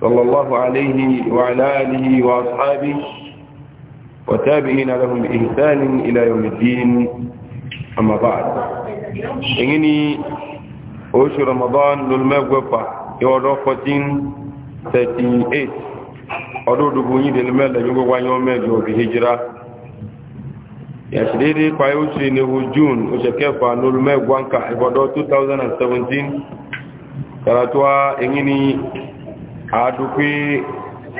صلى الله عليه وعلى آله وأصحابه وتابعين لهم بإحسان إلى يوم الدين أما بعد إنني أوش رمضان للمغفة يوضو 1438 أدو دبوني للمال يوغو يوم مجو بهجرة yàtìlérí pàyé oṣù ìnihù june oṣù kẹfà lólùmẹ́gbọ́nkà ìbọ̀dọ̀ 2017 kàràtúwà èyí ni adupi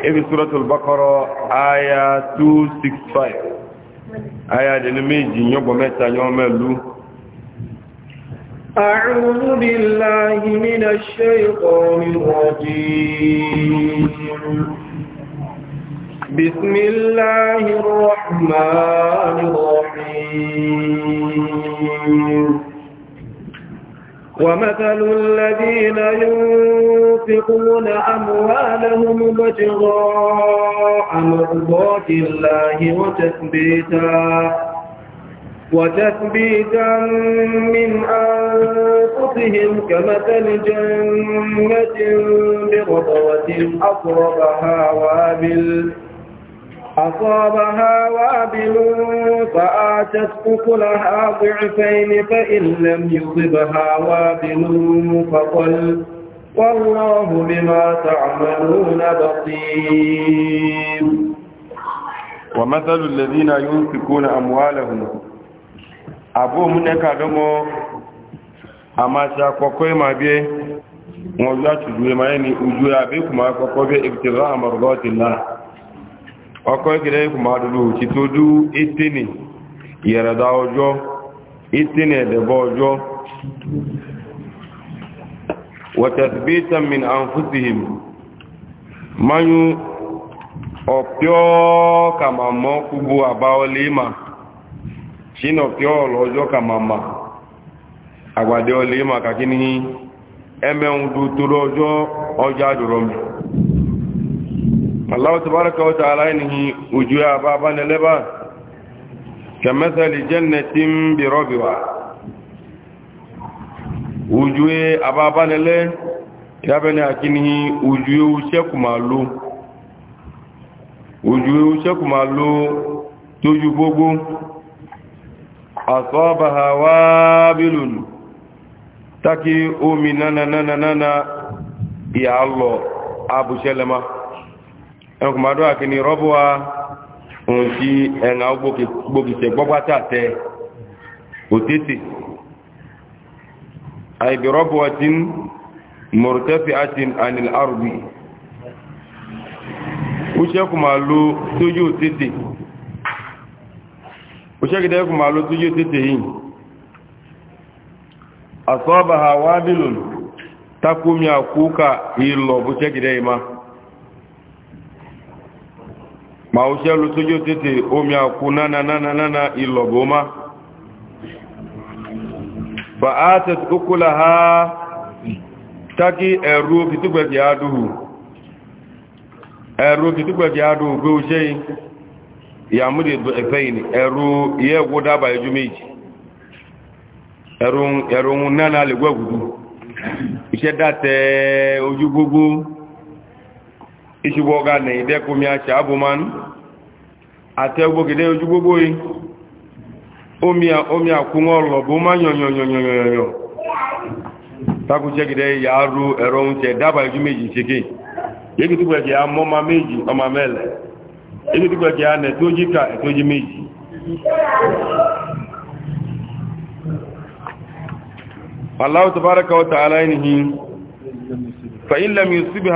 ebi suratul bakoro aya 265 aya deni meji nyogbo meta nyomelu أعوذ بالله من الشيطان الرجيم بسم الله الرحمن الرحيم ومثل الذين ينفقون أموالهم ابتغاء مرضات الله وتثبيتا وتثبيتا من أنفسهم كمثل جنة برضوة أصربها وابل أصابها وابل فآتت أكلها ضعفين فإن لم يصبها وابل فقل والله بما تعملون بصير ومثل الذين ينفقون أموالهم أبو منك دمو أما شاكوكوي ما بيه wọ́n yá ṣùgbọ́n ma yẹ́ ni ojú abẹ́kùnmá kọ́kọ́ bẹ́ ìbìtìrá àmàrùgbọ́ ti náà ọkọ̀ ìkìlẹ̀ ikùn máa dúdú ti tó dú ìtìní ìyẹ̀rẹ̀dá ọjọ́ ìtìní ẹ̀dẹ̀bọ̀ ọjọ́ wọ̀tẹ̀sìbítan min àǹfúsìhìm mayú ọ̀pẹ́ kàmàmọ́ kúgbó àbáọlẹ́ ma ṣínà ọ̀pẹ́ ọlọ́jọ́ kàmàmà àgbàdẹ́ ọlẹ́ ma kàkíní ẹmẹ́hùn dú tó lọ́jọ́ ọjọ́ àdúrọ̀mù Allah tabaraka wa ta'ala inhi wujuha baban leba kamathali jannatin bi rabiwa wujuhe ababan le yabani akinhi wujuhe ushakumalu wujuhe ushakumalu toju gbogbo asọ́bàá wábílùn tákí omi nánà nánà nánà ìyà lọ abùṣẹ́lẹ́má ẹkùnmàdó àkíní rọ́bùwà ohun tí ẹ̀nà gbókìtẹ̀ gbọ́gbátà tẹ òtítì àìbí rọ́bùwà tí ń mọ̀rọ̀tẹ́fì àti ànìl àrùbí oṣẹ́kùnmàló tójú òtítì oṣẹ́kùnmàló tójú òtítì yìí asọ́bàá wábìlùn takómi àkókà ìlọ̀ ma o ṣe lótójó tètè omi àkú nánanánà ìlọ̀gbọ́má fa á tẹ̀tù ha tákí ẹ̀rù kìtùgbẹ̀kì àdúhù ẹ̀rù kìtùgbẹ̀kì àdúhù gbé o ṣe ìyàmúdì ẹ̀fẹ́ ìní ẹ̀rù iye ẹ̀kú dábà ẹjú méjì ẹ̀rù nánà lè gbẹ̀gùdù iṣẹ́ dátẹ̀ ojú gbogbo ìṣubọ̀gá nẹ̀ ìdẹ́kùnmí aṣàbùmánú àtẹ gbogide ojú gbogbo yìí omi àkúnwọ́ lọ̀bọ̀ má yọ̀nyọ̀nyọ̀nyọ̀nyọ̀ takùnjẹ́gidẹ́ yàárù ẹ̀rọ oúnjẹ dábàá ojú méjì ṣege yégi ya méjì ọmọ mẹ́lẹ̀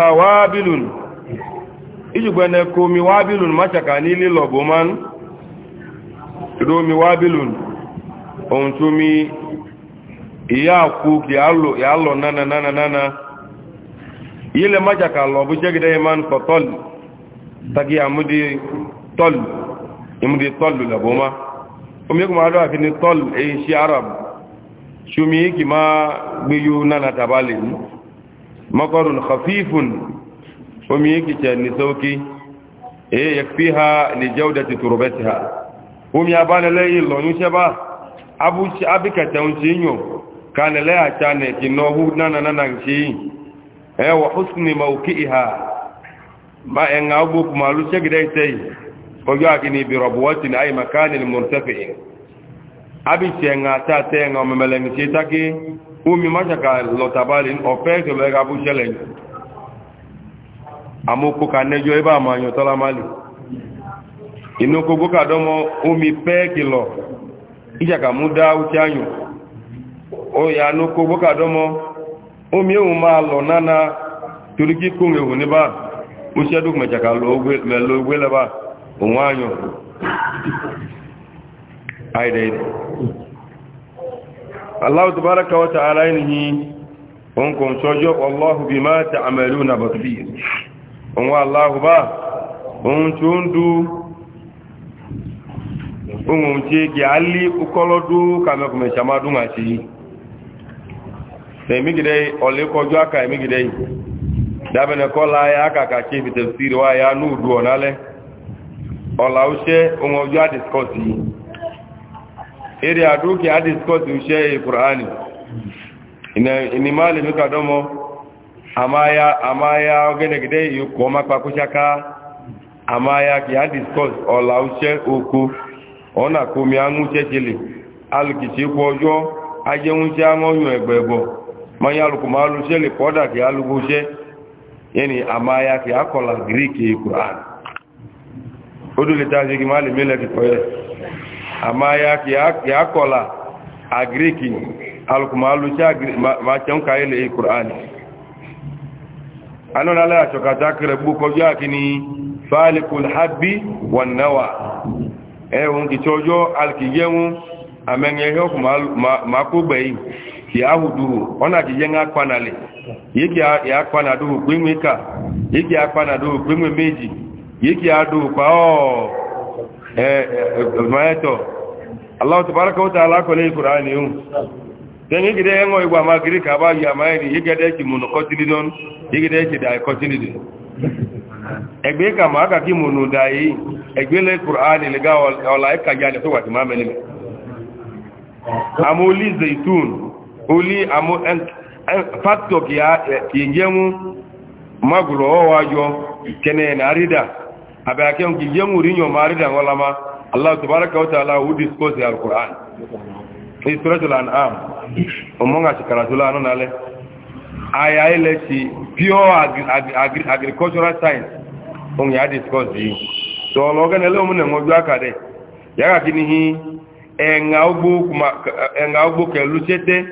ya ijugbene komi wabilun machaka n'ili loboman romi wabilun ohun tumi iya ku ki alo nana nana nana ile machaka lobu jegide iman ko tol tagi amudi tol imudi tol loboma omi kuma ado akini tol e shi arab shumi ki ma gbiyu nana tabali makarun khafifun omi yake ce ni sauki eh yakfiha li jawdati turbatiha omi abana lai lonu sheba abu shi abika tauncinyo kana lai a tane na na nanan shi eh wa husni mawqiha ma en eh, abu kuma lu ce gidai sai ko ya kini bi rabwatin ay makanin murtafi'in abi ce nga ta te nga memelen ce take umi mashaka lotabali ofe ke ga bu shelen amókó ka nẹ́jọ́ ibá àmàyàn tọ́lá máa lè inú kogó kàdọ́mọ́ omi pẹ́ẹ̀kì lọ ìjàkà dá òkè àyàn ọ̀yà inú kogó kàdọ́mọ́ omi òun máa lọ nánà torí níbà ó ṣẹ́dùn mẹ̀jàkà lọ ogbé lẹ́bà òun àyàn àìdẹ̀ ìdẹ̀ Allah tabaraka wa ta'ala yìí òun kò ń sọjọ́ Allahu bima òun aláhùbá òun tí ó ń dú ohun tí kì á lé kọ́lọ́dú kàmẹ́kùnmẹ̀ sàmádùn àti tẹ̀mígidẹ́ ọ̀lẹ́kọjọ́ àkà ẹ̀mígidẹ́ yìí dábẹ̀nẹ̀kọ́lá ayá àkàkà kí ìfìtẹ̀ sí ìrọ̀ ayá ní òdú ọ̀nálẹ́ ọ̀là oṣẹ́ ohun ọjọ́ àdìskọ́sì yìí eré àdókè àdìskọ́sì amaya amaya ogene gide yuko makwa kushaka amaya ki discuss ola uche oku ona kumi angu chechili alkichi kwojo aje unche angonyu egbebo manya luku malu cheli poda ki alugushe yani amaya ki akola greek qur'an odule taje ki mali mele ki poye amaya ki ki akola agriki alkumalu cha ma chanka ile qur'ani anon ala ya choka takre buko yake ni falikul habbi wan nawa e won ki chojo alkiyemu amenge yok ma ko bei ki ahudu ona ki yenga kwanale yiki ya kwanadu gwimika yiki ya kwanadu gwimwe meji allah tabaaraka wa ta'ala ko le qur'ani kenye gide engo igwa ma giri ka ba ya ma ni yigede ki munu kotili don yigede ki da kotili de egbe ka ma ka ki munu dai egbe le qur'an le ga ya ne to amuli zaitun uli amu en fatto ki magulo wa jo kene na rida aba ke ngi ngemu rinyo ma rida wala ma allah tbaraka qur'an fi suratul an'am omonga si karatula ano nale aya ile si pure agri agri agricultural science on ya discuss yi so loga nele omu ne ngoju akade ya ga kini hi enga ogbo kuma enga ogbo ke luchete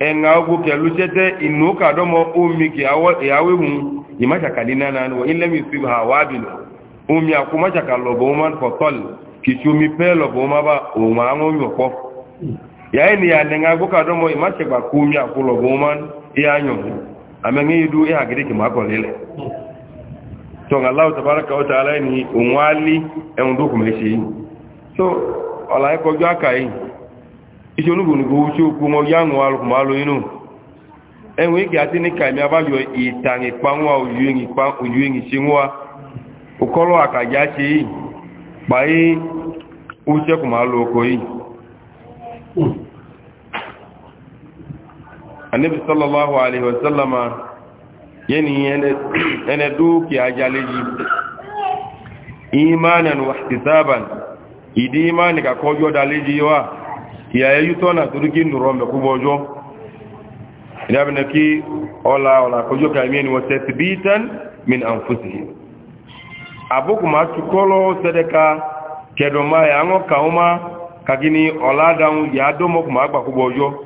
enga ogbo ke luchete inuka domo omi ki awo yawe mu imacha kadina nanu wa illam yusibha wabilu omi akumacha kalobo man for tol kichumi pelo bo maba o ma ngo nyoko yayi ni ya nenga go ka domo ima che ba kumi akulo goman iya nyo amengi idu ya gidi ki mako lile to Allah tabaraka wa taala ni unwali e undu kumeshi so ola ko jo akai ise onugo nugo mo ya nwa enwe ike ati ni kaimi abayo itangi panwa oyuengi pa oyuengi sinwa ukolo akaja Mm. anabi sallallahu alaihi wasallama yani yana duki ajaleji imanan wa ihtisaban idi imani ka kojo daleji wa ya yayu tona turuki nurombe kubojo inabina ki ola ola kojo ka imani wa tathbitan min anfusihim abuku ma chukolo sedeka kedoma ya ngo kauma kagini ola daun ya domo kuma agba kubojo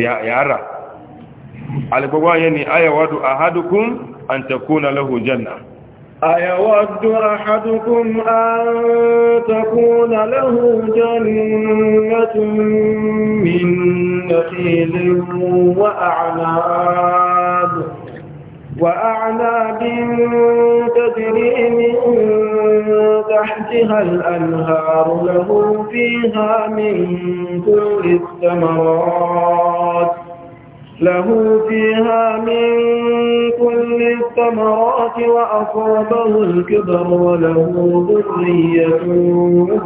yàrá alìgbogbo ayé ni ayàwádù àhádùkún àǹtẹ̀kúnà lọ́hù jẹ́nà أيود أحدكم أن تكون له جنة من نخيل وأعناب وأعناب تجري من تحتها الأنهار له فيها من كل الثمرات له فيها من كل الثمرات وأصابه الكبر وله ذرية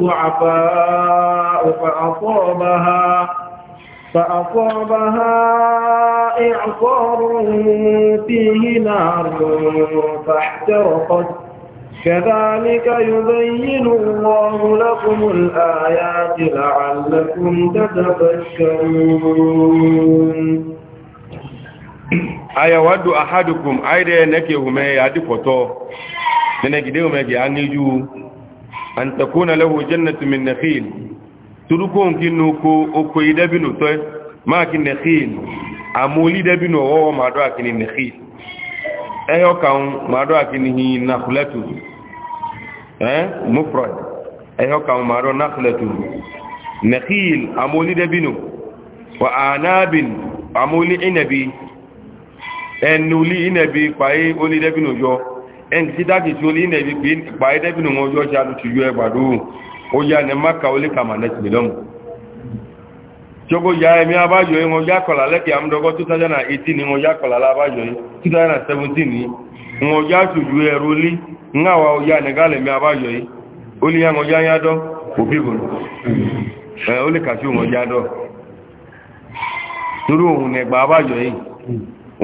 ضعفاء فأصابها فأصابها إعصار فيه نار فاحترقت كذلك يبين الله لكم الآيات لعلكم تتبشرون أي ود أحدكم أيدي نكي همي أدي فتو من أجدهم أجي أن تكون له جنة من نخيل turuko nki nuko oko idabinu to ma ki nekhil amuli dabinu o ma do akini nekhil eyo kan ma do akini hi nakhlatu eh mufrad eyo kan ma do nakhlatu nekhil amuli dabinu wa anabin amuli inabi enuli inabi pai oli dabinu yo en ti dagi ti oli inabi pai dabinu mo yo e sha du ti yo ó yá ní maka ó lè kà máa nẹ́tì mílọ́mù jogo ya ẹ̀mí abájọ́ yìí wọ́n yá kọ̀lá lẹ́kì àmúdọ́gọ́ 2018 ni wọ́n yá kọ̀lá lábájọ́ yìí 2017 ni wọ́n yá tòjú ẹ̀rọ lé ńláwà ó yá nìgálẹ̀ mi abájọ́ yìí ó lè yá wọ́n yá yádọ́ òbí bò ẹ̀ ó lè kàṣí wọ́n yádọ́ torí òun nẹ̀gbà abájọ́ yìí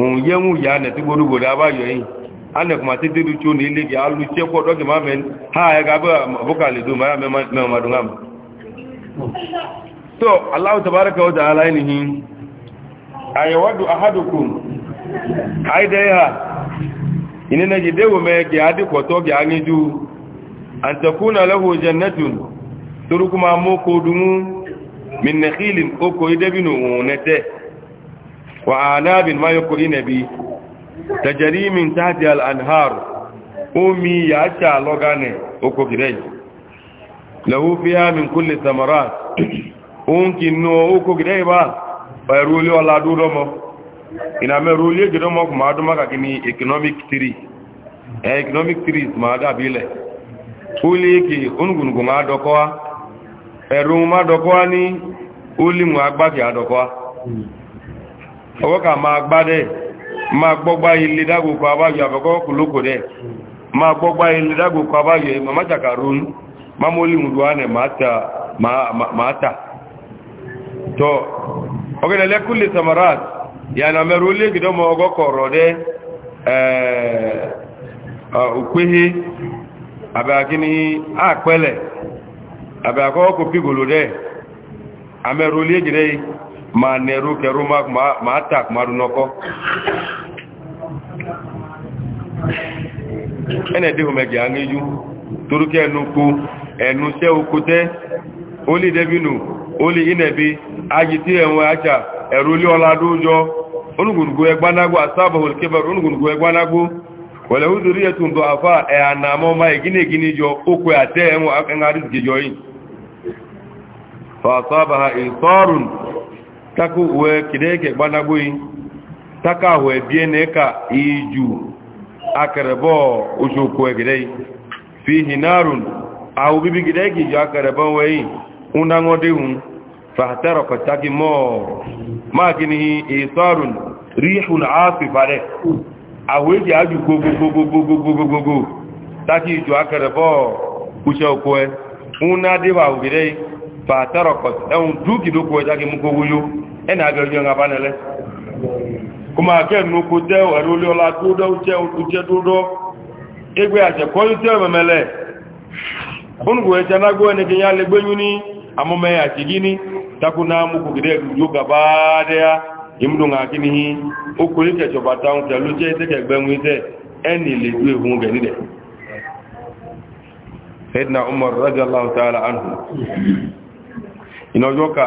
òun yẹ́wù yá nẹ̀tí gbódúgbòdà abájọ́ yìí ane kuma ti dedu tso ni ilegi alu tse kɔ dɔgi ma mɛ ha ɛga bɛ aboka le do ma ya mɛ ma do ŋa ma so alahu tabaraka wa ta'ala yinihi ayawadu ahadukum aidaiha inena jidewo mɛ ge adi kɔtɔ ge aŋiju antakuna lahu jannatun turukuma mo ko min nakhilin oko idabinu nete wa anabin ma yoko inabi tajari min tahti al-anhar omi ya ta loga ne oko gidai lahu fiha min kulli thamarat unki no oko gidai ba bayru li wala duro mo ina me ruli gido mo kuma duma ka kini economic theory eh economic theory ma da bile uli ki ungun gunga dokoa e Ma gbọ́gbá ilé dágbòkò abáyọ̀ àbẹ̀kọ́ kòlókò dẹ̀ máa gbọ́gbá ilé dágbòkò abáyọ̀ màmá jàkàrún mámólì ìrùwánẹ̀ ma tà tọ́ ọgẹ́lẹ́lẹ́kùnlé samarat yàna mẹ́rù olé gidọ́mọ ọgọ́kọ̀ọ̀rọ̀ dẹ́ òpéhe àbẹ̀kíní àpẹẹlẹ̀ àbẹ̀kọ́ kò pígòlò dẹ́ àmẹ́rù olé ma nẹ̀rú kẹrú ma tàk maru nọkọ́ ẹnẹ̀dẹ́ ọmọdé àríyú torúkẹ ẹnu kú ẹnu ṣẹ́ okú tẹ́ ó lè dẹ́bínú ó lè inẹ̀bí ayì tí ẹ̀wọ̀n àjà ẹ̀rú lé ọlá dójọ́ onígbùngbò ẹgbánágbó àsábọ̀ olùkébẹ̀rẹ̀ onígbùngbò ẹgbánágbó wọ̀lẹ̀ húdúrí ẹ̀tùn tó àfá ẹ̀hànà àmọ́ ọmọ taka uwe kideke gbanagboyi taka ahụ ebie na ka iju akịrịbọ ojokwu egide fihi narun ahụ bibi iju mọọ isarun ahụ eji ajụ gbogbogbogbogbogbogbogbogbogbogbo taka iju akịrịbọ uche ụna dịba ahụ gide fahtara kwataki ẹhun ẹni àjọ ìjọ ìrìnàbá nílẹ̀ kọmọ akẹ́ẹ̀nù kò jẹ́ ẹ̀rọ olé ọlá dúdọ́ jẹ́ ojẹ́ dúdọ́ ẹgbẹ́ àjẹ̀kọ́ yóò tẹ́ ọ̀mẹ̀mẹ̀lẹ̀ oúnkò ẹ̀jẹ̀ anágbó ẹni kìí alẹ́ gbẹ́yún ní amọ́mẹ́ àjẹ́gí ní takuna mú kòkìdẹ́ ìnájọ́ ka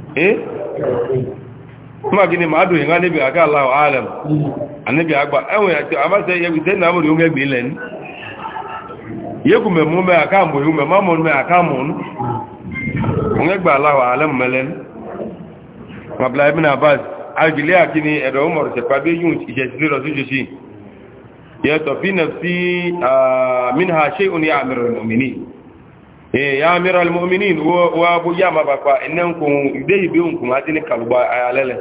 eh kuma gini ma adu hinga nabi aka Allah alam annabi agba enwe ati amase ye gbe na mo yunga gbe len ye ku me mo me aka mo yunga ma mo me aka mo nu unga gba Allah alam melen ma abla ibn abbas ajili akini edo umar se pa be yun ije sile lo suju si ye to fi nafsi ah, minha shay'un ya'muru al-mu'minin Eh, ya amiral mu'minin wa bu ya mabakwa inan ku dai bi kun adini kalba ayalele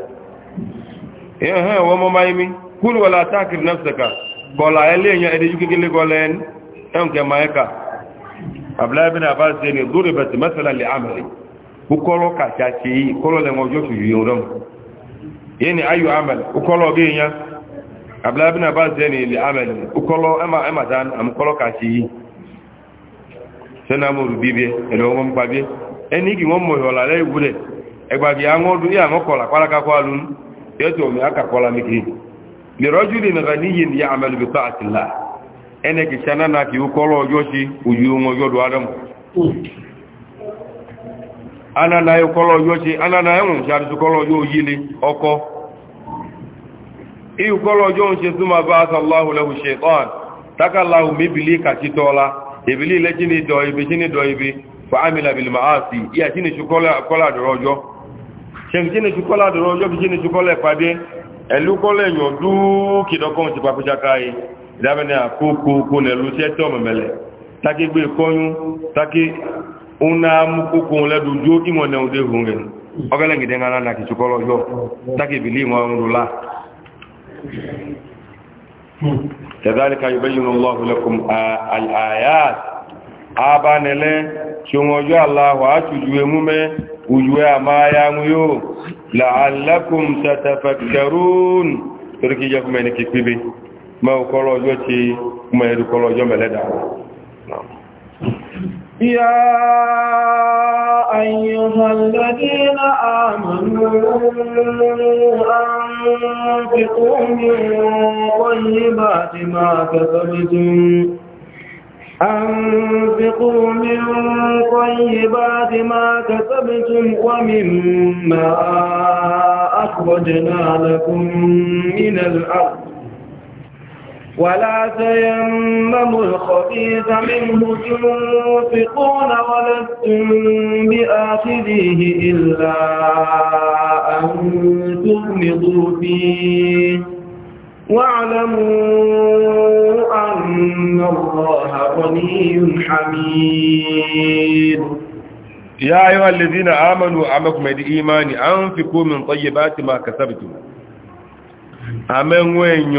eh eh wa mamaymi kul wala takir nafsaka kola ele nya ede yuki gele golen en ke maika abla ibn abbas ni duribat mathalan li amri ku kolo ka chachi kolo le ngojo su yoro yani ayu amal ku kolo bi nya abla ibn abbas ni li amal ku kolo ema ema dan am kolo ka chi sena moru bibie ele wo mo gbabie eni gi won mo yo la le wure e gbabie awon du ya kwala ka ko yeto mi aka kola mi li rajulin ghaniyin ya'malu bi ta'ati llah ene ki na ki ukolo yoshi uyu won yo adam ana na ana na oko i ukolo ba sallahu lahu shaytan takallahu ìbílí ilẹ̀ jí ni dọ̀ ibi jí ni dọ̀ ibi fàámìlà bìlì máa sì ìyà jí ni ṣukọ́lá dọ̀rọ̀ ọjọ́ ṣẹ̀kì jí ni ṣukọ́lá dọ̀rọ̀ ọjọ́ bí jí ni ṣukọ́lá ìpàdé ẹ̀lú kọ́lá èèyàn dúkìdọ́kọ́ ti pàpẹ́ṣaká yìí ìdábẹ́ni imo na كذلك يبين الله لكم الآيات آبان لي شموجو الله أتجوه ممي وجوه ما ياميو لعلكم تتفكرون تركي جاكم أنك كبيبي ما أقول جو تي ما يدو قول جو ملدا نعم يا أيها الذين آمنوا أنفقوا من طيبات ما كسبتم أنفقوا من طيبات ما كسبتم ومما أخرجنا لكم من الأرض ولا تيمموا الخبيث منه تنفقون ولستم بآخذيه إلا أن تغمضوا فيه واعلموا أن الله غني حميد يا أيها الذين آمنوا عمكم الإيمان أنفقوا من طيبات ما كسبتم أمن وين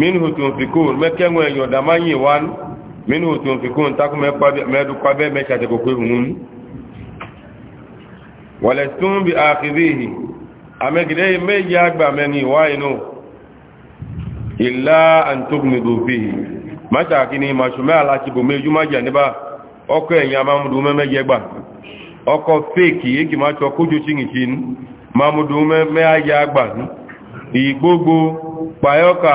minhu tunfikun mɛkɛŋɔ yɔ dama yi wan minhu tunfikun taku mɛdu kpabɛ mɛtsate hun wale sun bi akibihi amegide yi meyi agba mɛni wayinu ila antogumidu fihi matsa kini masumɛ alatsibo meju madza niba ɔkɔ ɛyin e amamudu mɛmɛdze gba ɔkɔ feki eki matsɔ kodzo tsiŋitsin mamudu mɛmɛ ayagba igbogbo kpayɔka.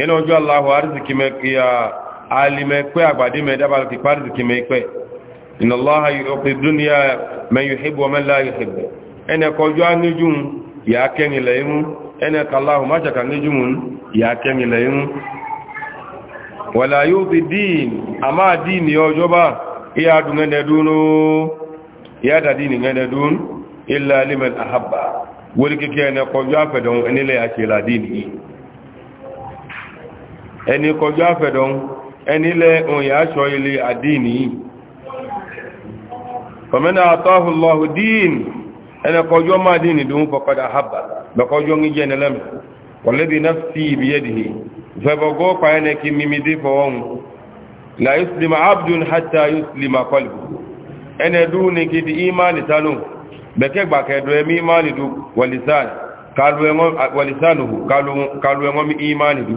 yana ojú aláhù arziki mẹ́kíyà alìmẹ́pẹ́ àgbàdé mẹ́dábàlù kí pàrziki mẹ́pẹ́ iná láha yóò dúnìyà mẹ́yù hìbò mẹ́lá yóò hìbò ẹnẹ kọjú aníjùn yà kẹ́nilẹ̀ imú ẹnẹ kàláhù máṣàkà níjùn yà kẹ́nilẹ̀ imú wàlá yóò fi dín àmá dín ní ọjọ́ bá iya dùn ẹnẹ dúnú iya dàdí ní ẹnẹ dún ilẹ̀ alìmẹ́ àhàbà wọ́n kíkẹ́ ẹnẹ kọjú afẹ́dọ̀ ẹnilẹ̀ àṣẹ ẹni kọjú àfẹ́dọ̀n ẹni lẹ òyìn aṣọ ilé àdínì yìí kọmẹ́nà àtọ́hùlọ́hù díìn ẹni kọjú ọmọ àdínì dùn fọ́kọ́dà haba lọ́kọjú ń jẹ́ nílẹ́mì kọlẹ́bí náfsí ìbíyẹ́dìhì fẹ́bọ̀gọ́ pàyẹ́nẹ kí mímí dé fọwọ́n la yuslima abdun hatta yuslima qalbu ene du ni kidi imani tanu beke gba ke do mi imani du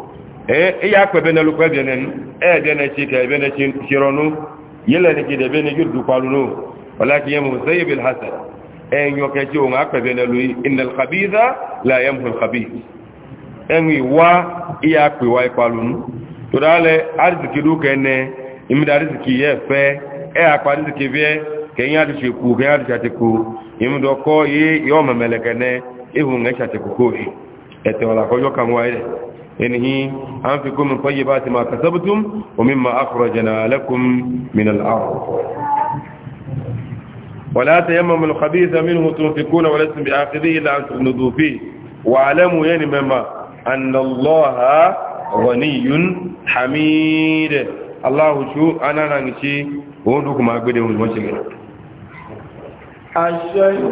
ee ya kwe bene lukwe bene e bene chike bene chironu yele ni kide bene yurdu kwalunu walaki yamu musayyib alhasan e nyoke ji on akwe bene lui innal khabitha la yamhu alkhabith enwi wa ya kwe wa kwalunu to dale arziki du kene imida arziki ye fe e akwa arziki be kenya du sheku kenya du chateku imdo ko ye yo mamelekene ihu ati ngesha teku ko etola ko yo kanwa ile إنه أنفقوا من طيبات ما كسبتم ومما أخرجنا لكم من الأرض ولا تيمموا الخبيث منه تنفقون ولستم بآخذه إلا أن تغمضوا فيه واعلموا يعني مما أن الله غني حميد الله شو أنا نانشي وندوكم أقبلهم المشكلة الشيء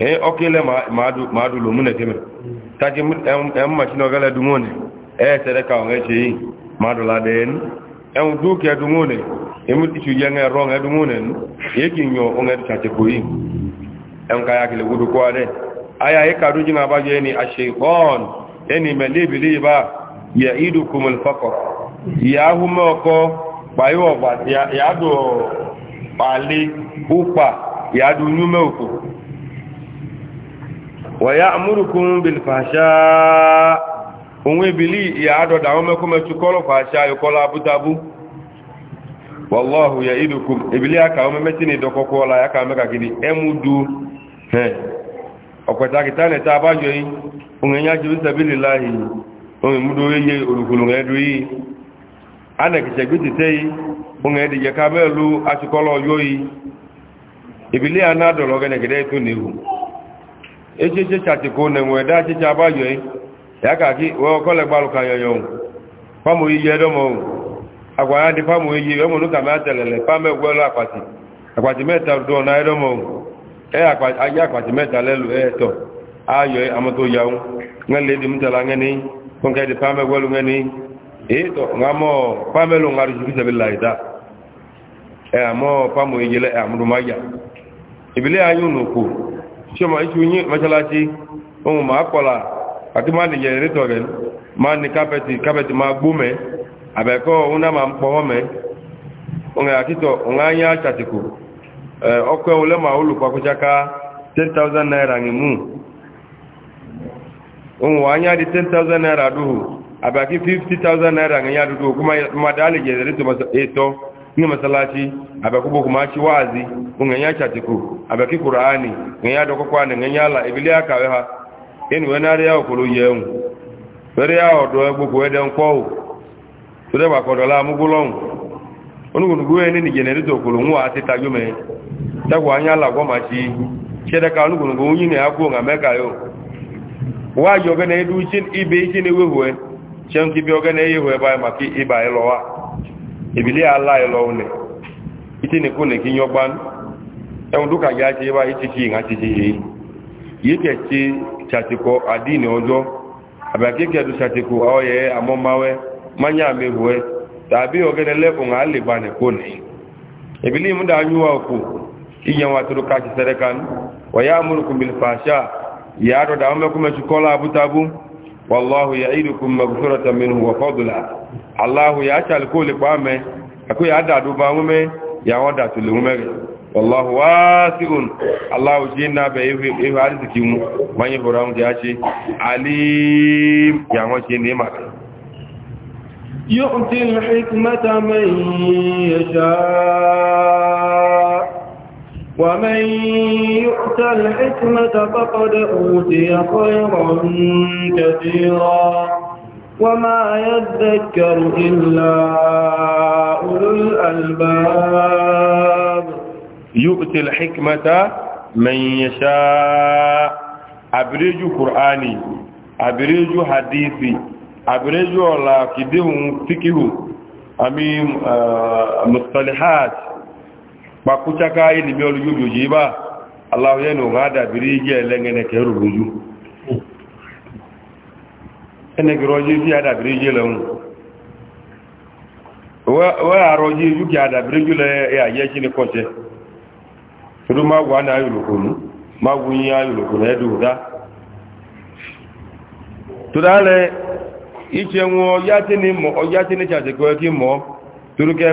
ee eh, ọkele ma dulu mune kemi taki em machine ogele dungone ee eh, sere ka onge chi ma dula den em du ke dungone emu tichu yenge ronge dungone yeki nyo onge chache koi em kaya kile gudu kwa de aya e kadu jinga ba je ni ashaytan eni me libili ba ya idukum al faqr ya humo ko bayo ba ya do pali upa ya du nyume uko ويأمركم بالفحشاء onwe bili ya adoda ome kuma chukolo kwa asha yukola abutabu wallahu ya idukum ibili aka ome metini dokoko ya ka meka emudu he okweta kitane ta bajo yi onwe nya ju sabilillahi mudu ana echeche chatiko na enwe de achịcha yo ya ka gị wee kọle gbalụ ka yoyo pam iyi agwa ya dị pam iyi emụnụ ka m atelele pam egwelu akpati akpati metal do na edomonwụ ayé àpàtìmẹ́ta lẹ́lù ẹ̀ẹ́tọ̀ ayọ̀ amọ́tóyàwó ńlẹ̀ èdè mútàlá ńẹ́ni kọ́nkẹ́ èdè pàmẹ́gbẹ́lú ńẹ́ni ṣe ma ṣe yí mọ́ṣáláṣí ohun ma kọ́la àti máa lè jẹ̀rẹ̀tọ̀ rẹ̀ máa ní kápẹ́tì kápẹ́tì máa gbómẹ́ àbẹ̀kọ́ òun náà máa ń pọ̀ mẹ́ òun àkítọ̀ òun á yá ṣàtìkù ọkọ̀ ẹ̀wọ̀n lẹ́mà ten thousand naira ní mú ohun wà á yá di 10,000 naira dúhù àbẹ̀kí 50,000 naira ní yá dúdú kó máa dá lè jẹ̀rẹ̀tọ̀ ní masalaci abe kubo kuma chi wazi ngan ya chatiku abe ki qur'ani ngan ya doko kwani ngan ya la ibili aka we ha en we na riya okulu yeun ya odo egbu ko ede nko o ture ba ko dola mu gulon onugun guwe ni ni genere to okulu nwa ati me ta anya la ma ka onugun go yin ya ko ngan meka yo wa yo gene du chin ibe chin ewe ho chen ki bi ogene ìbílẹ̀ aláìlọ́wọ́lẹ̀ ìtí ní kó lè kí yọgbán ẹun dúkà yá ṣe wá ìtìṣì ìhàn ti ṣe yìí yìí kẹ̀ ṣe ṣàtìkọ àdínì ọjọ́ àbàkíkẹ̀ẹ́dù ṣàtìkọ ọyẹ àmọ́máwẹ́ mányà mẹ́wẹ́ tàbí ọ̀gẹ́dẹ̀ lẹ́kùn á lè banẹ̀ kó nì ìbílẹ̀ ìmúdà yúwa òkú ìyẹn wa wallahu ya iri kun magusurata minu wa fadula allahu ya aka alkoli kwa me akwai ya dadu ba mu me ya wada tuli mu mere wallahu e, e, e wa siun allahu shi na ba ihu arziki mu manyan huramu ya ce alim ya wọn shi ne maka yi'uti al-hikmata man yasha ومن يؤت الحكمة فقد أوتي خيرا كثيرا وما يذكر إلا أولو الألباب يؤت الحكمة من يشاء أبرج قرآني أبرج حديثي أبرج الله كده فكه أمي آه، مصطلحات kpakuchaka yi ni mi oluju ba alahu yẹnu ha dabiri jẹ lẹngẹnẹ kẹrù luju ẹnẹgẹ rọjí fi ha dabiri jẹ lẹhun wẹ arọjí yúkì ha dabiri jù lẹ ya ayé kí ni ma tọdún má wù ánà ayòlòkònú má wù ya ayòlòkònú ni ṣàṣẹkọ ẹ kí mọ torúkẹ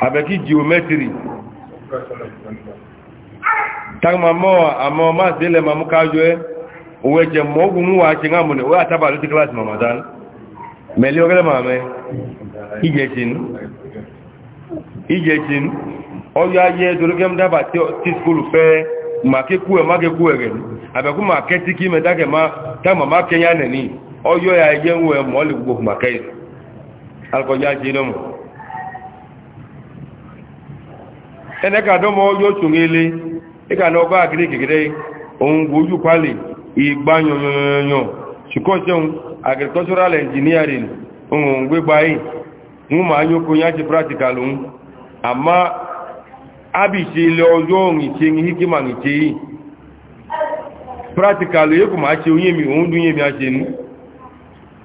abeki geometry tagma mo amo ma dele mamu kajoe weje mo gumu wa ke ngamune wa taba lu class mamadan meli ogele mame ijetin ijetin oyo aye dorogem daba ti ti school fe ma ke ku e ma ke ku e gen abeku ma ke ti ki me dage ma tagma ma ke ya neni oyo ya ye nwe mo le gbo maka e, alko ya ji no mo eneka ka do mo yo tungili e ka no ba gri gigire on guju pali igbanyo yoyoyo chikojon agricultural engineering on gbe gbai mu ma nyoko nya ti practical un ama practical ma se oyin mi mi a se ni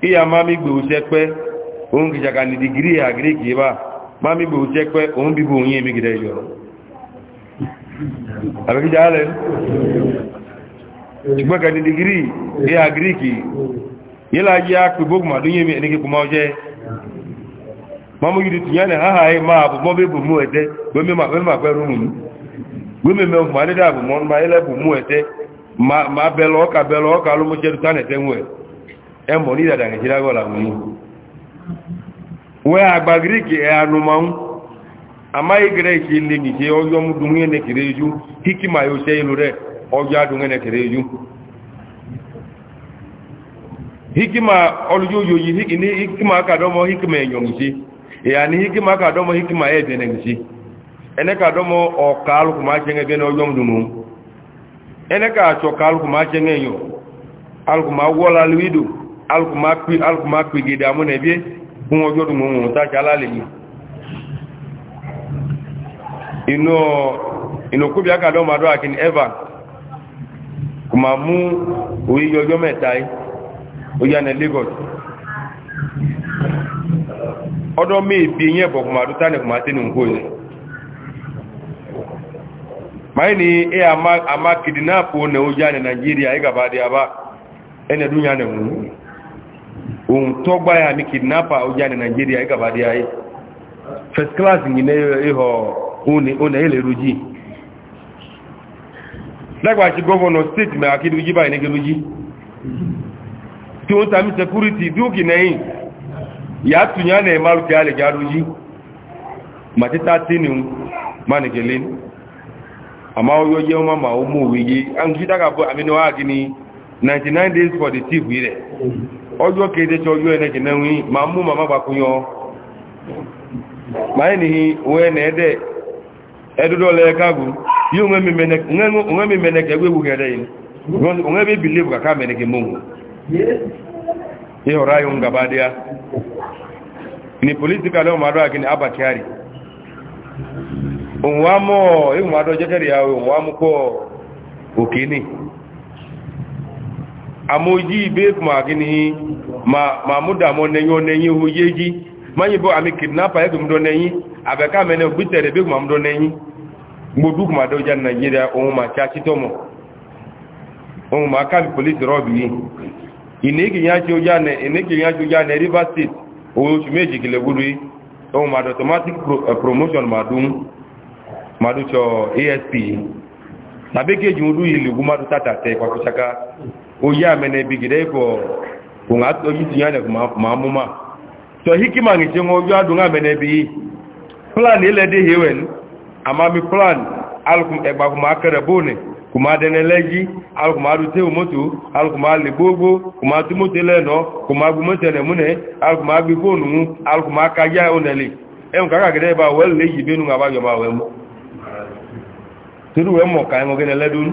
iya ma mi gbe o se pe on ki jaka ni degree agri ki mi àbẹ̀kíjà alẹ́ ṣùgbọ́n kàdì dìgírí ẹ̀ àgíríkì a pè bókù màdún yé mi ẹni kí kùmọ́ jẹ́ mọ́mú yìí tìyà ní háhà ma máa bu mu ete bù mú ẹ̀tẹ́ gbẹ́mẹ́ máa pẹ́ rúrùn mú gbẹ́mẹ́ mẹ́ fún adédà bù mọ́ máa yẹlẹ́ bù mú ẹ̀tẹ́ máa bẹ lọ ọkà chedu amaghị gere e iche ile gị ihe ọjọọ m dunye nekere eju hikima ya oche ilu re ọjọọ adunye nekere eju hikima ọlụjọ oyoyi ni hikima aka dọmọ hikima enyo ngichi ya e ni hikima aka dọmọ hikima ya ebene ngichi ene ka dọmọ ọka alụkụ ma achị ebe na ọjọọ m dunu ene ka achọ ka alụkụ ma achị enyo alụkụ ma gwọla lụido alụkụ ma kpigide amụ na ebie bụ ọjọọ dunu nwụrụ tacha ala inu inukubi aka dɔ ma dɔ akin eva kuma mu oyi yɔjɔ mɛta yi oya ne lagos ɔdɔ mee bi yɛ bɔ kuma do ta ne kuma te ne nko yi mayi ni e ama ama kidinapo ne oya ne nigeria e gaba de aba ɛnɛ dunya ne mu ohun tɔgba ya ni kidinapa oya ne nigeria e gaba de ayi first class yi ne ehɔ ona ele ruji dagba ti governor state me akidu ji ruji ti mi security bi o ki neyin ya tunya na emaru ki ale ja ruji ma ti ta tini ma nege le ni ama oyo je ma ma o mu wi an ji daga bo aminu wa gini 99 days for the thief wi re ojo kede ti ojo ene gina ma mu mama gba kunyo ma edudo le kagu yi onwe mi mene onwe mi mene ke gwe gere yi onwe bi believe ka ka mene ke mungu hiyo rayo ngabadia ni politika leo mado akini aba be akini ma manyibo ami kidnapper yɛ dum dɔ n'enyi abɛka mɛ ne gbitɛ de bi kuma mu dɔ n'enyi gbodu kuma dɔ dza nigeria ohun ma tsa tsi tɔmɔ ohun ma ka mi polisi rɔbi yi ineke nya tsi dza nɛ ineke nya tsi dza nɛ river state owo tsi meji kele gudu ohun ma dɔ automatic pro, uh, promotion ma dum ma do tsɔ e asp yi tabi keji wo du yi ligu ma do tata tɛ kɔkɔ tsaka oyi amɛ bi gɛdɛ kɔ ko ŋa tɔ yi ti nya nɛ kuma ma mu tọ hikima ngi ti ngo jwa dunga mene bi plan ile de hewen amami plan alkum egba kuma kere bone kuma dene leji alkuma du te moto alkuma le gbogbo kuma tu moto le no kuma gbu moto le mune alkuma gbi fonu mu alkuma ka ja onele em kaka gede ba wel le yi benu ngaba we mu tiru ngo gene ledun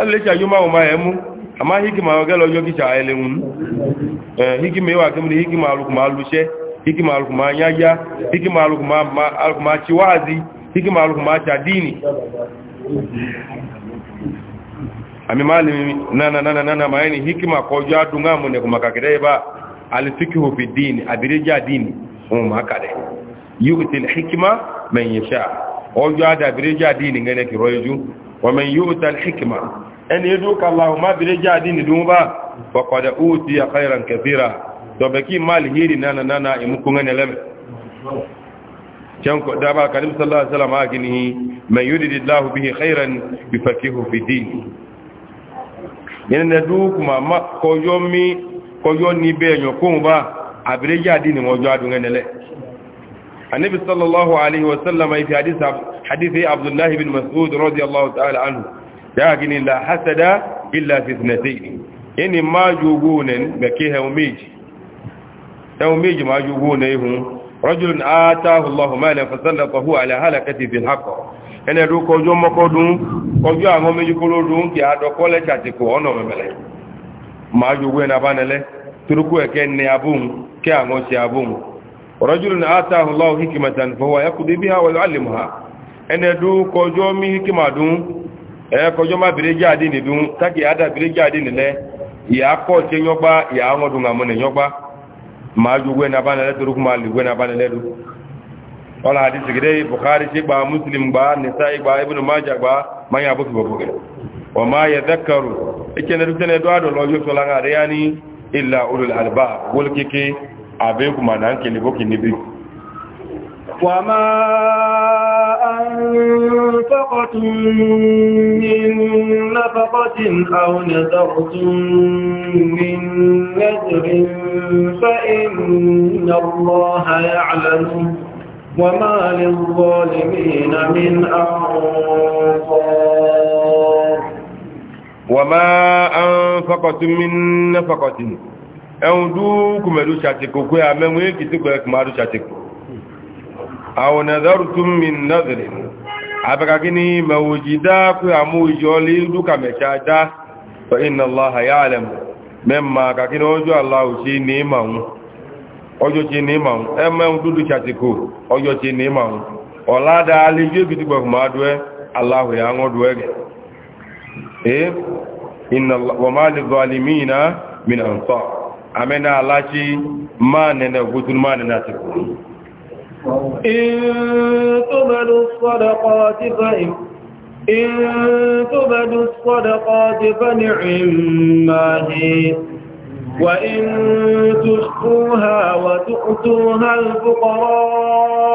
ele yuma o ma emu ama hikima ogelo yogi cha elenun eh hikima wa kemri hikima alukuma alushe hikima alukuma nyaya hikima alukuma ma, alukuma chiwazi hikima alukuma cha dini amimali nana nana nana maeni hikima ko ja dunga mune kumakakire ba alifikihu fi dini abirija dini umma kade yukti alhikma ẹni edúkà láhùn má bèèrè jẹ́ àdínì dúnbà pọ̀kọ̀dẹ̀ òòtí àkàìràn kẹfìrà dọ̀bẹ̀kí máàlì hìrì nánà nánà ìmúkúnrẹ́ni ẹlẹ́mẹ̀ janko daba karim sallallahu alaihi wasallam agini man yuridillahu bihi khairan yufaqihu fi din yene du kuma ma yagini la hasada illa fi ithnatayn ini ma jugune beke he umiji he umiji ma jugune ihu rajulun ataahu allah malan fasallatahu ala halakati bil haqq ene du ko jo moko dun ojo awon meji ko lodun ki ado ko le chati ko ono memele ma jugune na banele turuku eke ni abun ki awon si abun rajulun ataahu allah hikmatan fa huwa yaqdi biha wa yuallimuha ene du ko jo mi hikmadun e má bèrè jáde nìdún tákì àdá bèrè jáde nìlẹ́ ìyá kọ́ tí yọ́gbá ìyá ọmọdún àmúnẹ̀ yọ́gbá máa ju gbẹ́ni abánilẹ́ torókù máa lè gbẹ́ni abánilẹ́ ló buhari ṣe muslim gba nisa igba ibùn májà gba mayan abúkì náà ń وما أنفقتم من نفقة أو نذرتم من نذر فإن الله يعلم وما للظالمين من أنصار وما أنفقتم من نفقة أو دوكم أدو شاتكو كوي أمامي كتكو أكما أدو aw nadartum min nadrin abaka kini mawjida ku amu joli duka mechada fa inna allaha ya'lam memma ka kini ojo allah shi ni maun ojo shi ni maun dudu chatiko ojo shi ni gbo ya ngo duwe ma إن تبدوا الصدقات فإن إن تبدوا الصدقات هي وإن تشكوها وتؤتوها الفقراء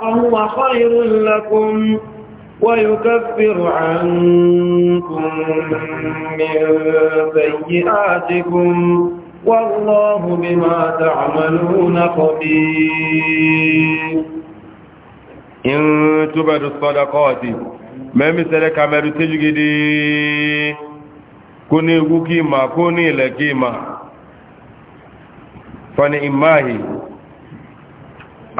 فهو خير لكم ويكفر عنكم من سيئاتكم والله بما تعملون خبير إن تبدوا الصدقات ما مثل كامل تجدي كوني غوكيما كوني لكيما فنئماه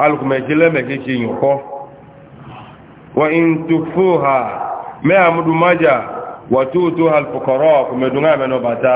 alùkùnmọ̀ ìṣẹ́lẹ̀ mẹ́kẹ́ ṣe yìn kọ́ wọ́n in tó fó ha mẹ́ àmúdùmájà wà tó tó alfukọ̀rọ̀ ọkùnmẹ̀dùn àmẹ́nà bàtà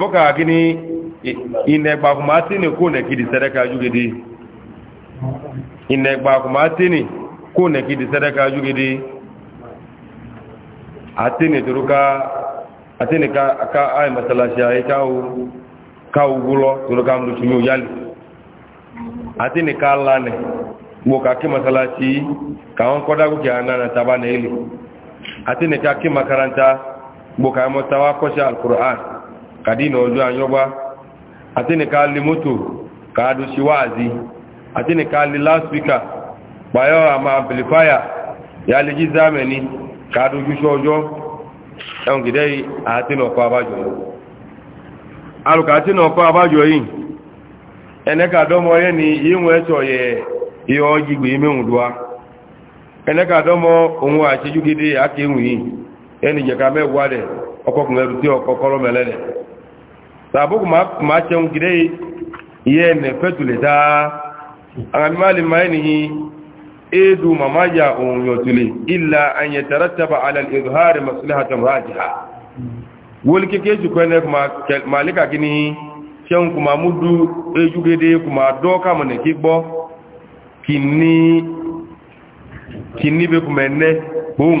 boka kini ine gba kuma tini ko ne kidi sadaka jugidi ine gba kuma tini ko ne kidi sadaka jugidi atini turuka atini ka ka ay masalashi ay ka u ka ugulo turuka mdu chunyu yali atini ka lane boka ki masalashi ka on kodagu ki anana tabane ile atini ka ki makaranta gbogbo mọ́ta wá kọ́ṣẹ́ alkùrán kàdínà ọjọ́ àyọ́gbá àti nìka lè mọ́tò kàádù síwáàzí àti nìka lè láspíkà pàyọ́ àmà amplifáyà ya jí zámẹ̀ni kàádù júṣọ́ ọjọ́ ẹun gìdẹ́ àti nọ̀kọ́ abájọ́ alùkà àti nọ̀kọ́ abájọ́ yìí ẹnẹ́ka dọ́mọ yẹ́ ni yíwọ̀n ẹ̀ṣọ́ yẹ ìyọ́ jígbì mẹ́hùn dùá ẹnẹ́ka dọ́mọ òun ẹni jẹka mẹ́wàá rẹ̀ ọkọ̀kùn ẹrù tí ọkọ̀ kọ́rọ̀ mẹ́lẹ́ rẹ̀ tàbùkù máa ṣẹun gidẹ́ iye ẹ̀nẹ̀ fẹ́tù lè dáa àmàlì máa ẹniyí éèdù màmá ya òun yọ̀tùlẹ̀ ilà àyẹ̀ tàrátàbà alẹ́ ìzùhárì masílẹ̀ kìí ní bí kùmẹ̀ ẹ̀nẹ́ gbóhùn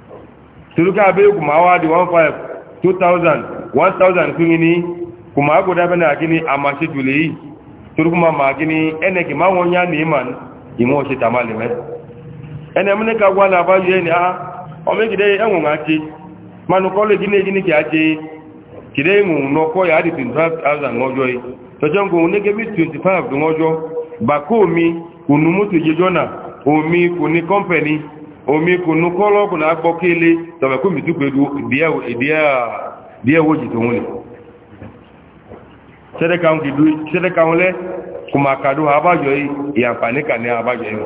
tuluka abe kuma awa di 15 2000 1000 kun ni kuma ago da bana gini amma shi tuli turkuma ma gini ene ki ma wonya ni man imo shi tamale me ene mun ka gwa na ba ye ni a o me gide enwu ngachi manu kole gini gini ki aje kide mu no ko ya di 25000 ngojo yi to ne 25 ngojo ba ko mi kunu mutu je jona omi kuni company omiku nukọlọ ọkụ na-akpọ kele tọbekwumitukwu ediewo ji tonwule sedekanwule kumakadu ha abajọ ya amfani ka ne abajọ yi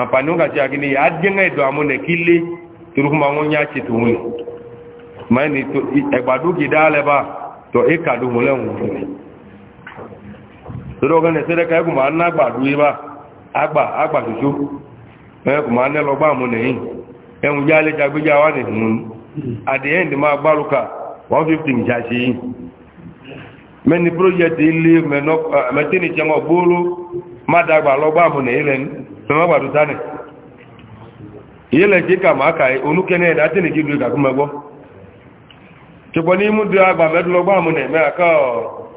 amfani ka a gini ya adinga edo amu na kile turukuma wọn ma to na sedeka ẹgbùn ma ba agba agba tutu ẹkùn máa nẹ́lọ gbá mú nìyí ẹ̀hùn já lè jagbéjá wà ní ìhùn àdìyẹ́ndì máa gbárùkà 150 já sí mẹ́ni pírójẹ́tì ilé mẹ́tíni jẹmọ̀ gbóòrò má dàgbà lọ mú nìyí lẹ́nu mẹ́mọ́ gbàdú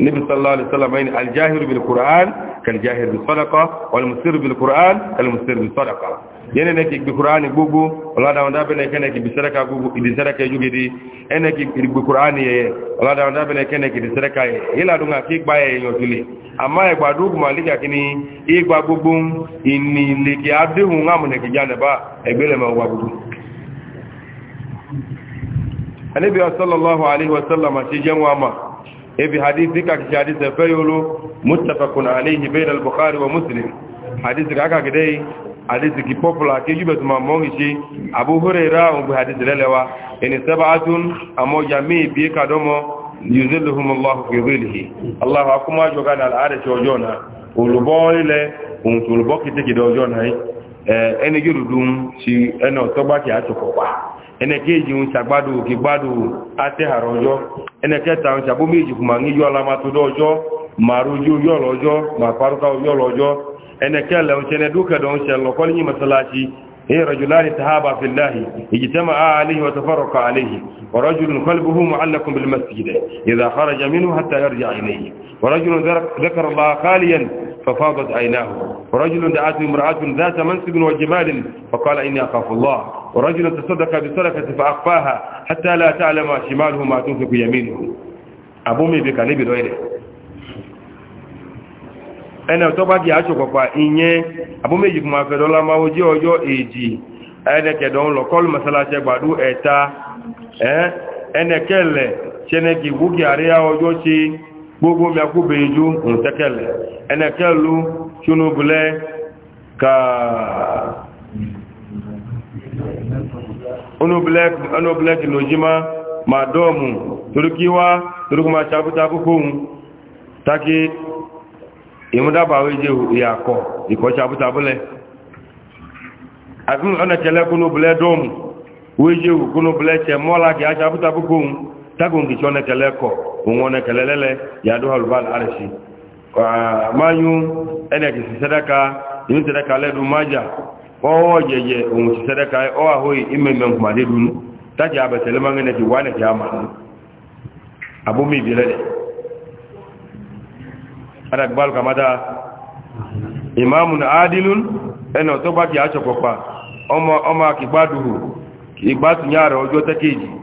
النبي صلى الله عليه وسلم يعني الجاهر بالقرآن كالجاهر بالصدقة والمسر بالقرآن كالمسر بالصدقة يعني نكي بالقرآن بوبو ولا دا وندا بنا كنكي بسرقة بوبو إذا سرقة يجوجي دي أنكي بالقرآن يه ولا دا وندا بنا كنكي بسرقة يلا دونا كيك باي يوتلي أما يقعدوك مالك أكني إيقبا بوبو إني لكي أبدو نعم نكي جانبا إبلي ما هو بوبو النبي صلى الله عليه وسلم شجن وما ebi hadithi kaki hadithi fayulu muttafaqun alayhi bayna al-bukhari wa muslim hadithi kaka gidai hadithi ki popular ke yube tuma mongi shi abu huraira un bi hadithi lelewa in sab'atun amoja mi bi kadomo yuzilluhum allah fi dhillihi allah akuma joga na al'ada ti ojona uluboile un tuluboki te kidojona eh eni girudum si eno toba ki atoko pa ẹnẹkẹ́jì ń ṣàgbádò òkè gbádò átẹ́hàrọ̀ ọjọ́ ẹnẹkẹta ń ṣàbó méjì fún ma ní yọ́ alamatodó ọjọ́ màrójú yọ́lọ ọjọ́ màparúkà yọ́lọ ọjọ́ ẹnẹkẹ́lẹ̀ ọ̀ṣẹ́nẹ dúkẹ̀dọ̀ ń ṣẹlọ kọ́líyìn masalasi ní rajulani tahaba fillahi ijitama alayhi wa tafarraqa alayhi wa rajulun qalbuhu mu'allaqun bil masjid idha kharaja minhu ففاضت عيناه ورجل دعته امرأة ذات منصب وجمال فقال إني أخاف الله ورجل تصدق بصدقة فأخفاها حتى لا تعلم شماله ما تنفق يمينه أبومي بك نبي دويري ẹnà tó bá di aṣòkọ̀pá ìyẹn abúméjìkùnmọ̀ àfẹ́dọ́lá máa ó jẹ́ ọjọ́ èjì ẹnẹ̀kẹ̀dọ̀ ń lọ kọlù masalasi gbàdú ẹ̀ta ẹnẹ̀kẹ̀lẹ̀ ṣẹnẹ̀kì wúkì àríyá ọjọ́ ṣe gbogbo mi akó bèèjú ǹtẹ́kẹ̀lẹ̀ ẹnẹ̀kẹ́lú ṣúnúbulẹ́ ka onúbulẹ́ kì ní ojúmá ma dọ́ọ̀mù torúkíwá ma jẹ́ ìyàkọ̀ ìkọ̀ ṣàbútà búlẹ̀ ọ̀nà tẹ́lẹ̀ kúnúbulẹ́ dọ́ọ̀mù tẹ́ mọ́lá tagun ki chone kele ko ngone kelelele ya do halbal arshi mayu ene ki sadaka ni sadaka le du maja o yeye o si sadaka o ahoyi imemem kuma de dunu taji abetele mangene ki wane ki ama abu mi bilele ada gbal kamada imamun adilun ene to ba ki acho popa omo omo ki gbaduhu ki gbatu nyare ojo tekeji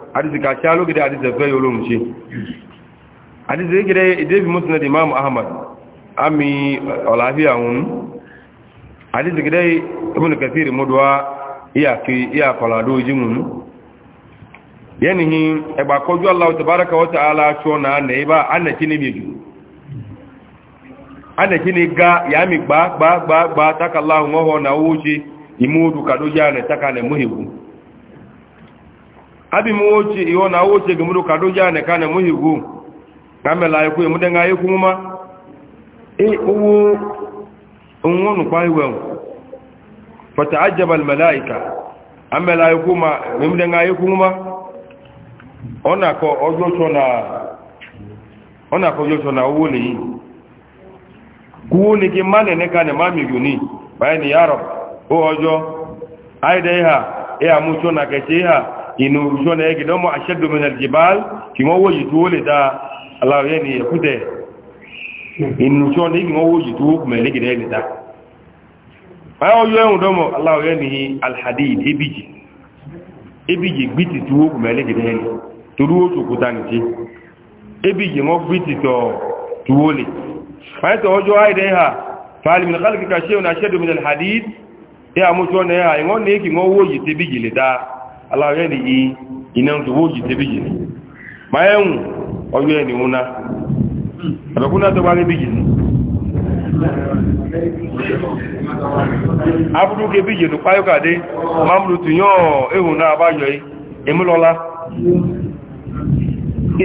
àdìsíkà ṣe alógede àdìsẹ̀fẹ́ yóò lóhun gida àdìsẹ̀gede ìdébì mọ́sánà imam ahmad ami ọ̀làáfíà uh, hun àdìsẹ̀gede ibùn kẹfìrì mọ́dúwá ìyàkọ̀làdó ojúmùn yẹnihi ẹgbà kọjú aláwọ̀ tàbárakà wọ́ta aláṣọ́ na nà ibá anàkí ní mẹ́jù anàkí ní ga yàmì gbàgbàgbàgbà takàláhùn ọ̀họ̀ na owó ṣe ìmú odù kàdójá nà takà nà abi m oche iwo na oche gị mụrụ kado ji ana ka na emughị igwu ka mela ekwu emụde nga ekwu nwụma ụwụ e, nwụnụ kwa iwe fata ajabal malaika amela ekwu ma emụde nga ekwu nwụma ọ na-akọ ọjọọ na owó nìyí kwuo ni ne ka na mami yuni banyere ya arọ ọjọọ aide ha ịha mụchọ na keche ha inu shona yake don mu ashaddu min aljibal ki mo woyi to le da Allah ya ni yakute inu shona yake mo woyi to me le gide le da ayo yo en don mo Allah ya ni alhadid ibiji ibiji gbiti to wo me le gide le to ruwo to ko tan ti ibiji mo gbiti to to le fa to ojo aide ha fa min khalqika shay'un ashaddu min alhadid ya mo shona ya en on ni ki mo woyi te biji da aláwọ̀ ẹ̀dì yìí iná tó wó jì ma jìnì máa ẹ̀hùn ọjọ́ ẹ̀dì wọn náà àbẹ̀kúnná tó bá níbi jìnì abúrú kébí jìnì páyọ́kàdé ẹ̀hùn náà bá yọ ìmúlọ́lá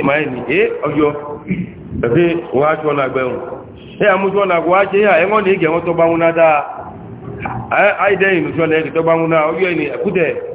máa ẹ̀nì ẹ̀ ọjọ́ ẹ̀fẹ́ wọ́n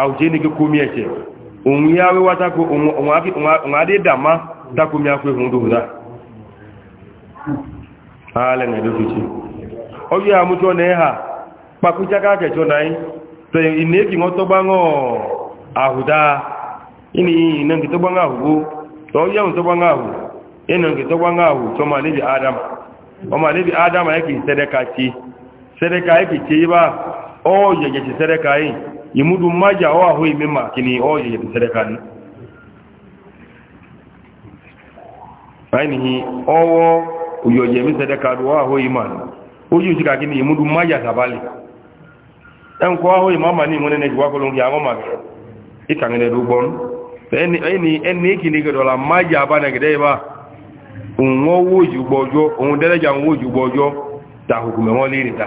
àwùjẹ́ ní kíkó mi ẹ̀kẹ́ òun yá wíwá tako òun adédàmá tako mi akó ìhun dòdá alẹ́nà ìlú ya ọjọ́ àmújọ́ náà ha pàkújáká kẹjọ náà tẹ̀yìn ìnẹ́kì wọ́n tọ́gbá ń àhùdá ìní ìnànkì tọ́gbá ń àhùgbó tọ́yẹ̀hùn tọ́gbá ń àhù adam adam imudu maja wa hui mema kini oje ya serikali ainihi owo uyoje mi sadaka wa hui man uyu shika kini imudu maja sabali en wa hui mama ni mune ne wa kolongi ya ngoma ikangene rubon eni eni eni kini ke dola maja bana gede ba unwo woju bojo un dereja woju bojo ta hukume won lirita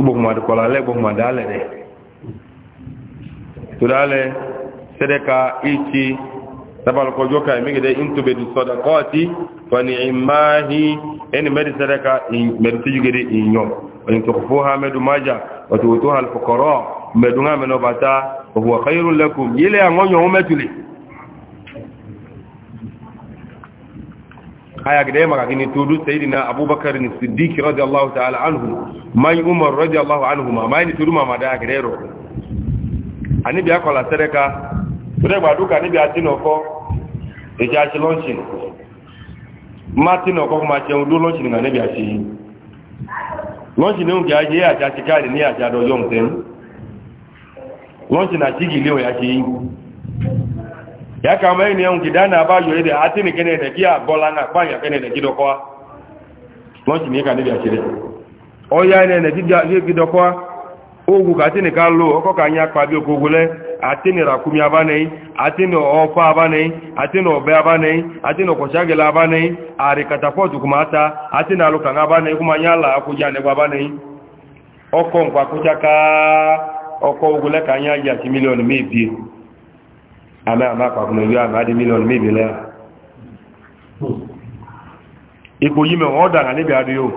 gbogbo kɔla lɛ gbogbo da lɛ dɛ to da lɛ sɛdɛka itse sabalukɔjɔ ka mi gɛdɛ ntobe du sɔdɛ kɔɔti fani imahi ɛni mɛdi sɛdɛka mɛdi tiju gɛdɛ inyɔ ɔni tɔkɔfo ha mɛdu maja ɔti woto halifɔkɔrɔ mɛdu ŋa mɛnɔ bata ɔhuwa kayiru lɛkum yele aŋɔ nyɔŋu mɛtuli. aya gida ya magagini tudu sayidina abubakar ni siddiqi radiyallahu ta'ala anhu mai umar radiyallahu anhu ma mai ni tudu ma mada gida ro ani bi akola sereka tude gba duka ni bi atino ko eja ti launching martin ko ma je udu launching na ni bi ati launching un ga je aja ti kare ni aja do yom ten na jigi le ya ti ya ka mgbe enyi nke na-aba yo ede ati ni kenede gị bola na akpa anya kenede gị dọkọwa lọnchi na ịka ndị bịachiri ọya enene gị dọkọwa ogwu ka ati ni ka lụ ọkọ ka anyị akpa bi okogwule ati ni rakumi abanei ati ni ọfa abanei ati ni ọbẹ abanei ati ni ọkọchagela abanei ari kuma ata ati ni alụka kuma ala akwụji anegwa abanei ọkọ nkwa kwụchaka ka ama ama kpakuna yɔ ama adi miliɔn mi bi lɛ ikpo yi mɛ ɔda na nebi adi o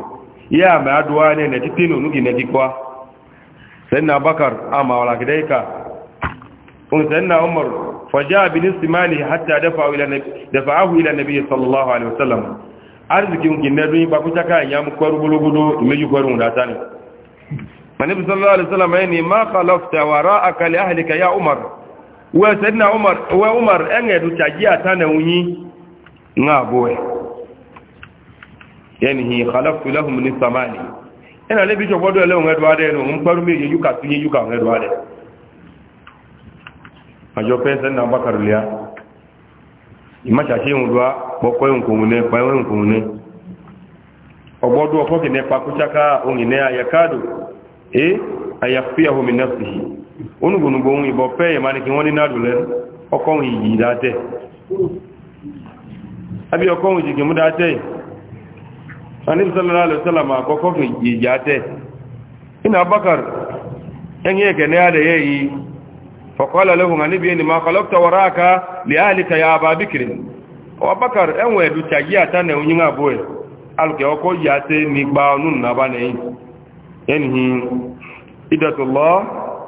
yɛ ama adu wa ne nɛti tenu nugi nɛti kpɔa sɛnna abakar ama wala kede ka on sɛnna umar faja bi ni simani hatta dafa ila dafa ahu ila nabi sallallahu alaihi wasallam arziki ngi nɛdu yi bakuta ka nyam kɔru bologodo we sedna umar we umar enge duchaji atane unyi ngaboe yani hi khalaqtu lahum min samani ena le bicho bodo le ngedwa wade no mparu mi yuka tunyi yuka ngedwa wade ajo pesa na bakar liya imacha shi ngudwa boko yunkune e pa yunkune e obodo okoke ne pakuchaka ongine ayakadu eh ayakhfiyahu min nafsihi onugbonugbo ohun ìbọn pẹ́ ẹ̀má ní kí wọ́n ní náà lulẹ̀ ọkọ̀ ohun ìyí dáadẹ́ àbí ọkọ̀ ohun ìjìgì mú dáadẹ́ sanibisalaam alayisalama àkọ́kọ́ kì í dáadẹ́ iná abakar ẹni ẹ̀kẹ́ ní adẹ́yẹ aka alika ya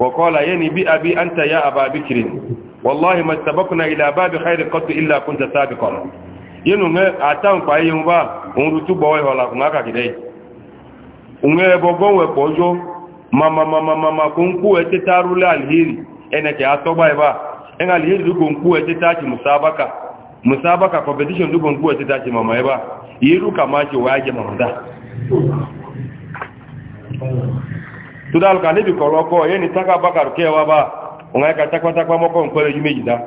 وقال يني بي أبي أنت يا أبا بكر والله ما سبقنا إلى باب خير قط إلا كنت سابقا ينو أتام فأي ينبا ونرتو بوي ولا كناكا كده unge bogon we pojo mama mama mama kunku ete tarule alheri ene ke atoba eba en alheri du kunku ete tachi musabaka musabaka competition du kunku ete tachi mama eba yiru kamachi waje tudal ka nebi koloko yeni taka bakar kewa ba ngai ka takwa takwa moko nkole yumeji da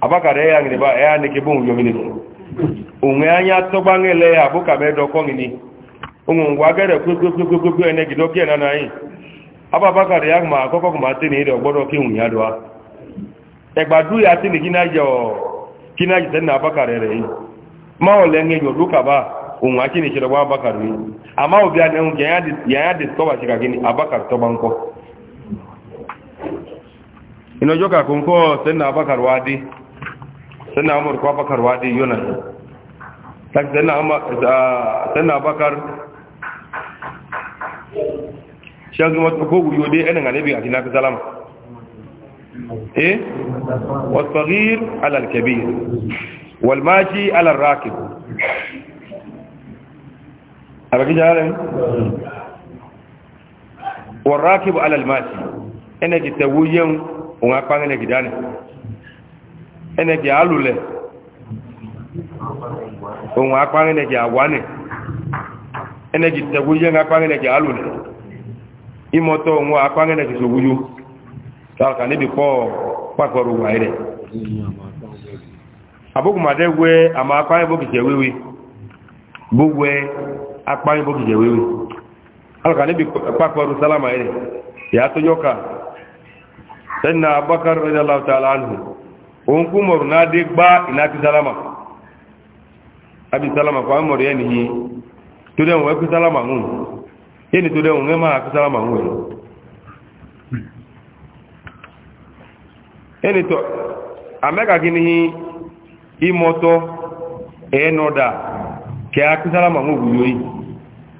abakar ya e ngire ba ya ne kibun yo mini unwe anya to bangele ya buka be do kongini ungu ngwagere kwe kwe kwe kwe kwe ne gido ke na nai aba bakar ya e ma koko kuma ti ni do gboro ki unya do wa egbadu ya ti ni gina yo kina ji na bakar re yi ma o le nge yo duka ba òun àti ní ìṣẹ̀lẹ̀ wá abakar ní àmá òbí àdéhùn yàyà discover ṣe kàkí ní abakar tọ́ba ń kọ́ ìnájọ́ kàkó ń kọ́ sẹ́nà abakar wá dé sẹ́nà amur kọ́ abakar wá dé yónà tàbí sẹ́nà abakar ṣẹ́gun wọ́n kó wùyó dé ẹnìyàn والصغير على الكبير والماشي على الراكب àbẹ̀kíjà rẹ̀ wọ̀n rákìbù alàlmáàtì ẹnẹ̀kì tẹ̀wó yẹun òun apá ẹnẹ̀kì dánì ẹnẹ̀kì alùlẹ̀ òun apá ẹnẹ̀kì àwánì ẹnẹ̀kì tẹ̀wó yẹun apá ẹnẹ̀kì alùlẹ̀ ìmọ̀tọ̀ òun apá ẹnẹ̀kì sòwúyó tààkà níbi pọ̀ pàkọrù wà rẹ̀ àbúkùmàdẹ́wẹ́ àmà apá ẹbọ́kì tẹ̀wéwé gbogbo ẹ akpanyin boki jẹ wewe alaka níbi pápọ̀rù sálámà ẹ̀rẹ̀ ìyá tó yọ́ka sẹ́nà abakar radiyallahu ta'ala anhu òun kú mọ̀rù náà dé gbá ìnáti sálámà abi sálámà kọ́ mọ̀rù salama nìyí tó dẹ̀wọ̀n ẹkú sálámà hùn yẹn tó dẹ̀wọ̀n ẹ sálámà hùn ẹni ẹ̀ẹ́nọ̀dà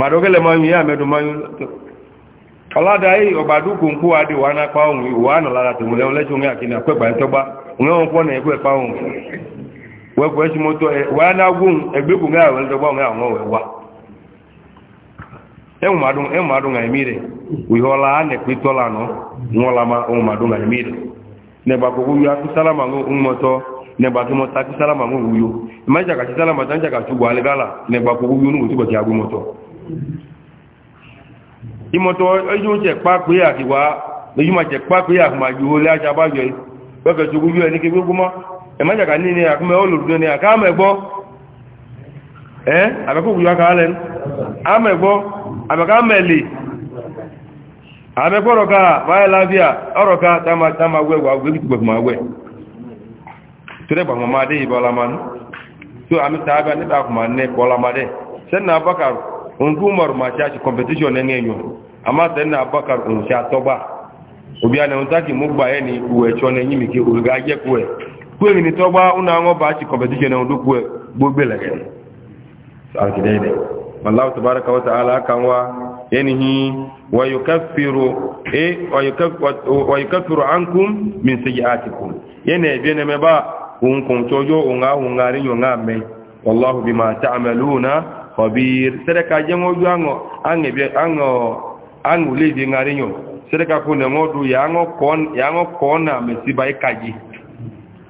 màdókẹ́lẹ̀ máa ń yí ya máa ń ọlọ́dà yìí ọ̀gbàdú kò ń kó adé wà náà pa ohun ìwà àná lára tòun lẹ́wọ̀n lẹ́sùn ní àkínní àpẹ́gbà ń tọ́gbá òun ẹ̀wọ̀n pọ́nà ẹ̀kọ́ ẹ̀pá ohun wẹ́pọ̀ ẹ̀sùn mọ́tọ́ ẹ̀ wà náà gún ẹgbẹ́kùn ní àwọn ẹ̀tọ́gbà òun àwọn ọ̀wẹ̀ wa ẹ̀wọ̀n màdùn ya ìmọ̀tọ̀ ẹjọ́ jẹ́ pápé àkíwá lójú ma jẹ́ pápé àkùmàjú olé ajábájọ́ pẹ́kẹ̀ tókú yóò ẹni kégbé gbọ́mọ́ ẹ̀májàká ní ní àkúmẹ́ a ní àkáàmẹ́gbọ́ ẹ́ àbẹ́kùnkù yóò kàálẹ̀ àmẹ́gbọ́ àbẹ́kàmẹ́lì onke umar ma chachi competition enyo amata na abakar onche atọgba obi ana nta ki mo gba eni uwe cho na yimi ki uga je ku e ku ni to gba una ngo ba chi competition na ndu ku e gbogbe la ke sa ki dai dai wallahu tabaaraka wa ta'ala kan wa yanhi wa yukaffiru e wa yukaffiru wa yukaffiru ankum min sayiatikum yana bi ne me ba un kun chojo un ga un ga ri yo nga me wallahu bima ta'maluna khabir sereka jengo jango ange bi ango angu leji ngarinyo sereka kuna ngodu yango kon yango kona mesiba ikaji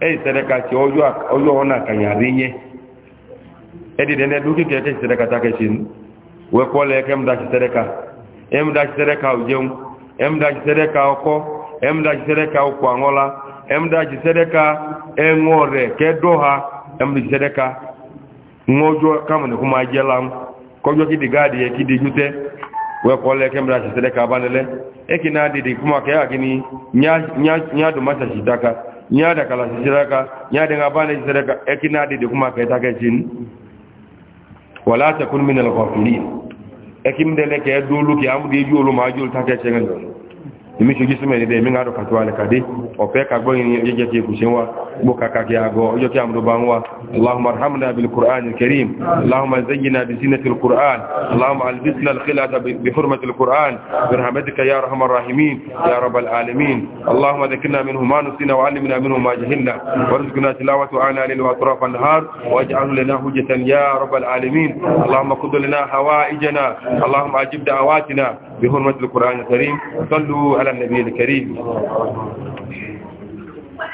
ei sereka ti ojo ojo ona kanyarinye edi dene duki kete sereka take shin we kole kem da sereka em da sereka ujem em da sereka oko em kedoha em da ŋojo kamane kuma jelam kojo kidi gadi ye kidi jute we kole kembra si sele ka banele e kina didi kuma ke akini nya nya nya do masa sitaka nya da sisi sitaka nya de ngabane sitaka e kina didi kuma ke take jin wala takun min al-ghafilin e kimdele ke dolu ki amdi yulu majul take chengen ìmíṣe jí súnmọ̀ ìdẹ́ ìmí àrùn kàtàwà alẹ́kàdé ọ̀fẹ́ kagbọ́yìn ní ọjọ́ jẹ́ kùsí wa gbó kàkàkì àgọ́ ọjọ́ kí àmúrò bá ń wá aláhùnmà hamna bilkur'an karim aláhùnmà zayyina bi sinatil kur'an aláhùnmà albisna alkhilata bi hurmatil kur'an birhamatika ya rahman rahimin ya rabbal alamin aláhùnmà zakirna min huma nusina wa alimna min huma jahilna warzuqna tilawatu ana lil atraf anhar waj'al lana hujjatan ya rabbal على النبي الكريم